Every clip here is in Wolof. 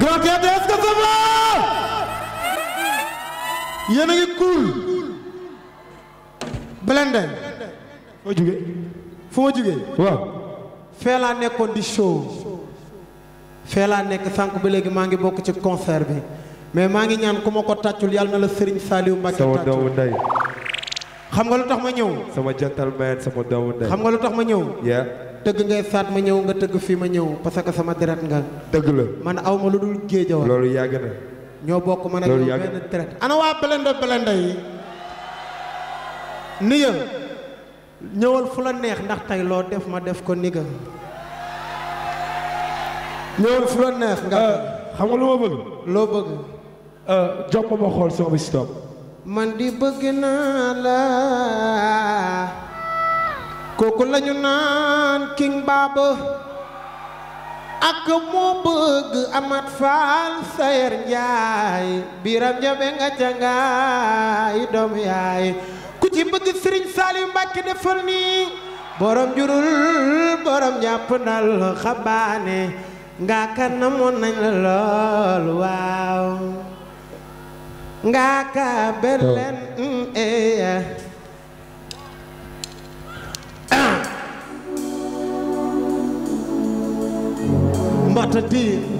grand théâtre est-ce que ça va yéen a ngi cool Blindé foo jugee fu ma jugee laa nekkoon di show fee laa nekk sànq ba léegi maa ngi bokk ci concert bi mais maa ngi ñaan ku ma ko tàccul yàlla na la Serigne Saliou Mbacké tàccul xam nga lu tax ma ñëw. sama gentleman sama doomu ndey. xam nga lu tax ma ñëw. yeah. tëgg ngay saat ma ñëw nga tëgg fii ma ñëw parce que sama deret nga. dëgg la man aw ma lu dul géej wa. loolu yàgg na. ñoo bokk man ak yow benn deret ana waa belendo belendo yi. ni ya ñëwal fu la neex ndax tey loo def ma def ko ni ga ñëwal fu la neex. nga euh, xam nga lu ma bëgg. loo bëgg. Euh, jox ma ma xool soo bi stop. man di bëgg naa la kooku lañu naan king baaba ak moo bëgg amat faal sayer njaay biram jabe nga jangaay doom yaay ku ci bëgg sëriñ Saaliw Mbàkke defal nii borom jurul borom jàpp ndal xabaane nga kan na moon nañ la lool waaw ngaka berlen oh. mm, eya eh, ah. mbata diir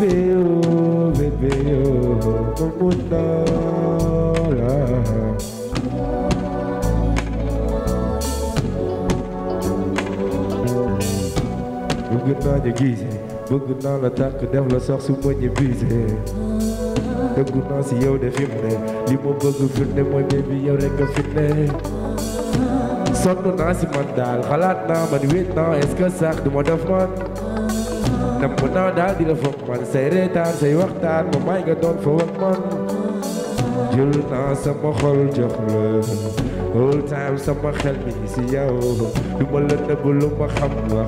bébé, oh bébé, oh, como dólar. bëgg naa ñu gise bëgg la tàkk dem la sax su ma ñu bise dëggu naa si yow de fi mu ne li ma bëgg fi mooy bébé yow rek nga fi ne sonn naa si man daal xalaat naa man wéet naa est-ce du ma def man napp naa daal di la man say reetaan say waxtaan ma may nga doon fa wak man jël naa sama xol jox la all time sama mi ngi du ma la lu ma wax la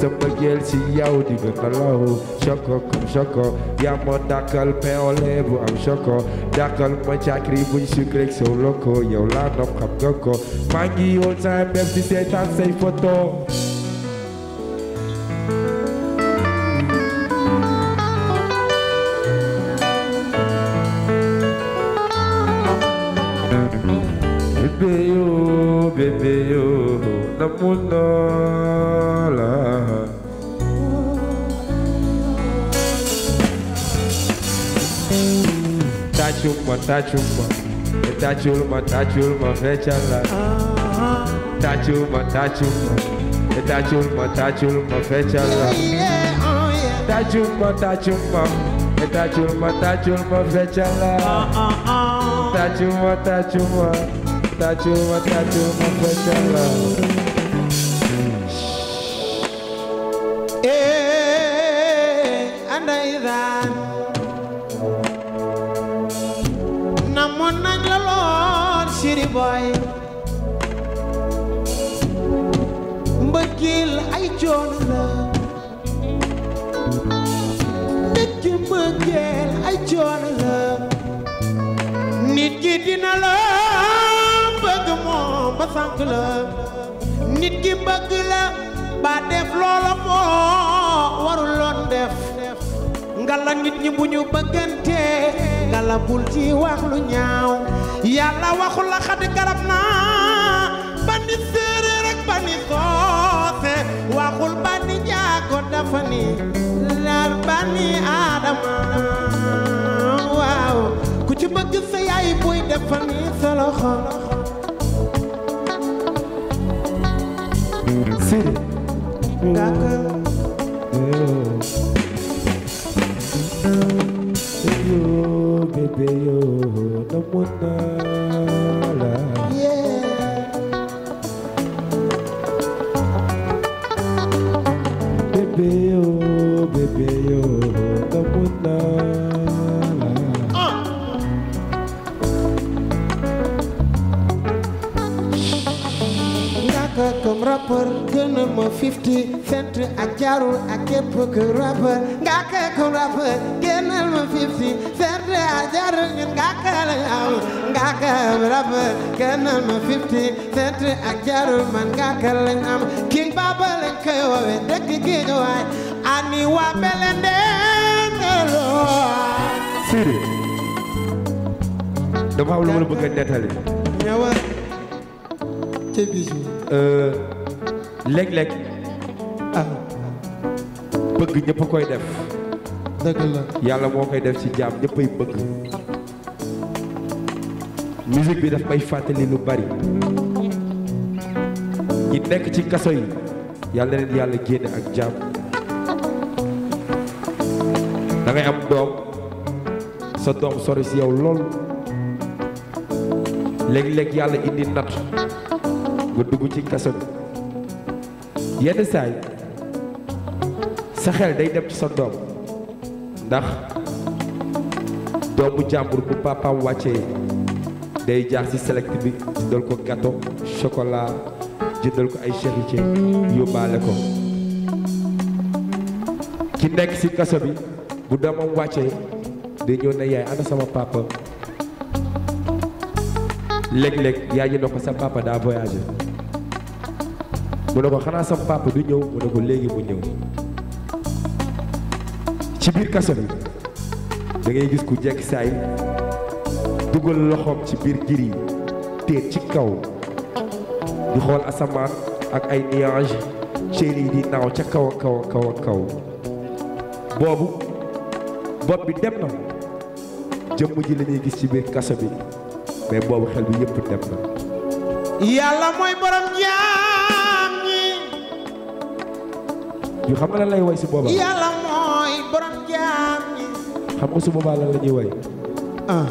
sama jël si di nga nalaw choco comme choco yaa ma dàkkal pain au am choco dàkkal ma càkkri buñ sucré loko yow laa nopp xam nga ko maa ngi all time même seetaan say photo Tachuma, tachuma, tachulma, tachulma, fechala. Tachuma, tachuma, tachulma, tachulma, fechala. Tachuma, tachuma, tachulma, tachulma, fechala. Tachuma, tachuma, tachulma, tachulma, fechala. yoon la nit ki dina la bëgg moom ba sànq la nit ki bëgg la ba def loola moo warul def ngala nit ñi bu ñu bëggante ngala bul ci wax ñaaw yàlla waxul la xadi naa ba ni séeréer ak soose waxul ba ni dafa ni laal ba aadama loxo si ngaka yo bébé yo na mun naa nekk comme rappeur gëna ma fifty fent ak jaarul ak képp ku rappeur nga ke comme rappeur gënal ma fifty fent ak jaarul ñun nga ke la am nga ke rappeur gënal ma fifty fent ak jaarul man nga ke lañ am king baba lañ koy dëkk gi ñu waay ani waa Belende Sidi dama am lu ma la bëgg a nettali ca bis bi. bëgg ñëpp koy def. dëgg yàlla moo koy def ci jaam ñëppay bëgg. musique bi daf may fàttali lu bari. ñi nekk ci kaso yi. yàlla leen yàlla génne ak jaam. da am doom. sa doom sori si yow lool. léeg-léeg yàlla indi natt. nga dugg ci kaso bi yenn saay sa xel day dem ci sa doom ndax doomu jàmbur bu papaam wàccee day jaar ci select bi jëndal ko gâteau chocolat jëndal ko ay charité yóbbaale ko ki nekk ci kaso bi bu doomam wàccee day ñëw ne yaay ana sama papa léeg-léeg yaay ji ne ko sa papa daa voyagé mu ne ko xanaa sa papa du ñëw mu ne ko léegi mu ñëw ci biir kaso bi da ngay gis ku jekk saay dugal loxoom ci biir gir yi téer ci kaw di xool asamaan ak ay nuage chaîne yi di naaw ca kaw a kaw kaw kaw boobu bopp bi dem na jëmm ji la gis ci biir kaso bi mais boobu xel bi yëpp dem na yàlla mooy borom jaam ñi yu xam nga lay way si boobaa yàlla mooy borom jaam ñi xam nga su boobaa la ñuy way ah. oh,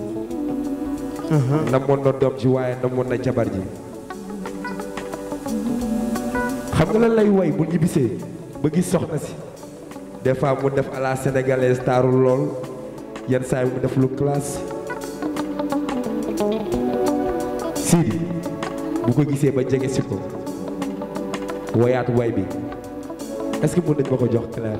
namoon na doom ji waaye namoon na jabar ji xam nga lan lay woy bu ñibbisee ba gis soxna si des mu def à la taaru lool yenn saa mu def lu classe Sidi bu ko gisee ba jege si ko woyaat way bi est-ce que mën nañ ma ko jox clair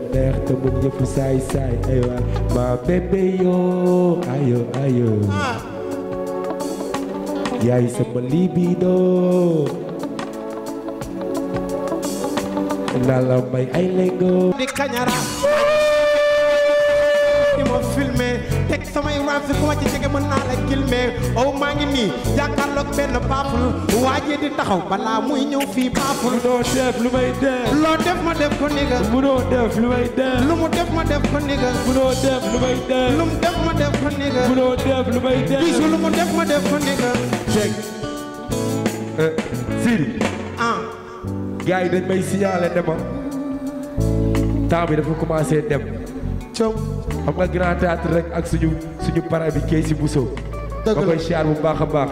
neex te bu ñëpp saay saay ay ma bébé yoo ayo ayo yaay sama libido naa la may ay lengo di kañara ni ma filmé teg samay si ku ma ci jege mën naa la kilmee ow maa ngi nii jàkkaarloog benn paapul waajee di taxaw balaa muy ñëw fii paapul munoo def lu may def lu mu def ma def ko niga lu mu def ma def ko niga lu mu def ma def ko niga ceg eh, Siri ah gars yi dañ may signalé ne bi dafa commencé dem coow xam nga grand théâtre rek ak suñu suñu para bi kay si Bousso ba koy siyaar bu baax a baax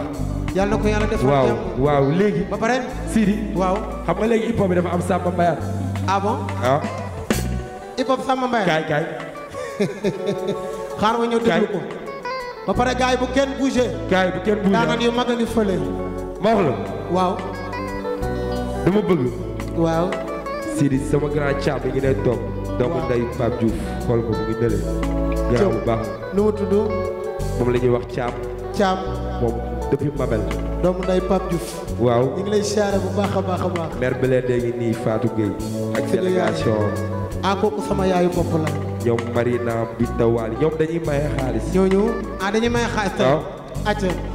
yàlla na ko yàlla def waaw waaw léegi ba pare Sidi waaw xam nga léegi bi dafa am Samba Mbayaan ah bon waaw ah. hip kaay kaay xaar ma ñëw déglu ko ba pare gars yi bu kenn bougé gars yi bu kenn bougé daanaka yu mag a ngi fële ma la waaw dama bëgg waaw Sidi sama grand caab bi ngi ne toog doomu nday Pape Diouf xool ko mu ngi nële garaaw bu baax nu mu tudd moom la ñuy wax Thiam Thiam moom depuis Mabel doomu nday Pape Diouf waaw ñu lay siyaare bu baax a baax a baax maire bi lee léegi nii Fatou Gueye ak délégation ah kooku sama yaayu bopp la ñoom Marina Binta Waly ñoom dañuy maye xaalis ñooñu ah dañuy maye xaalis tey acca ah.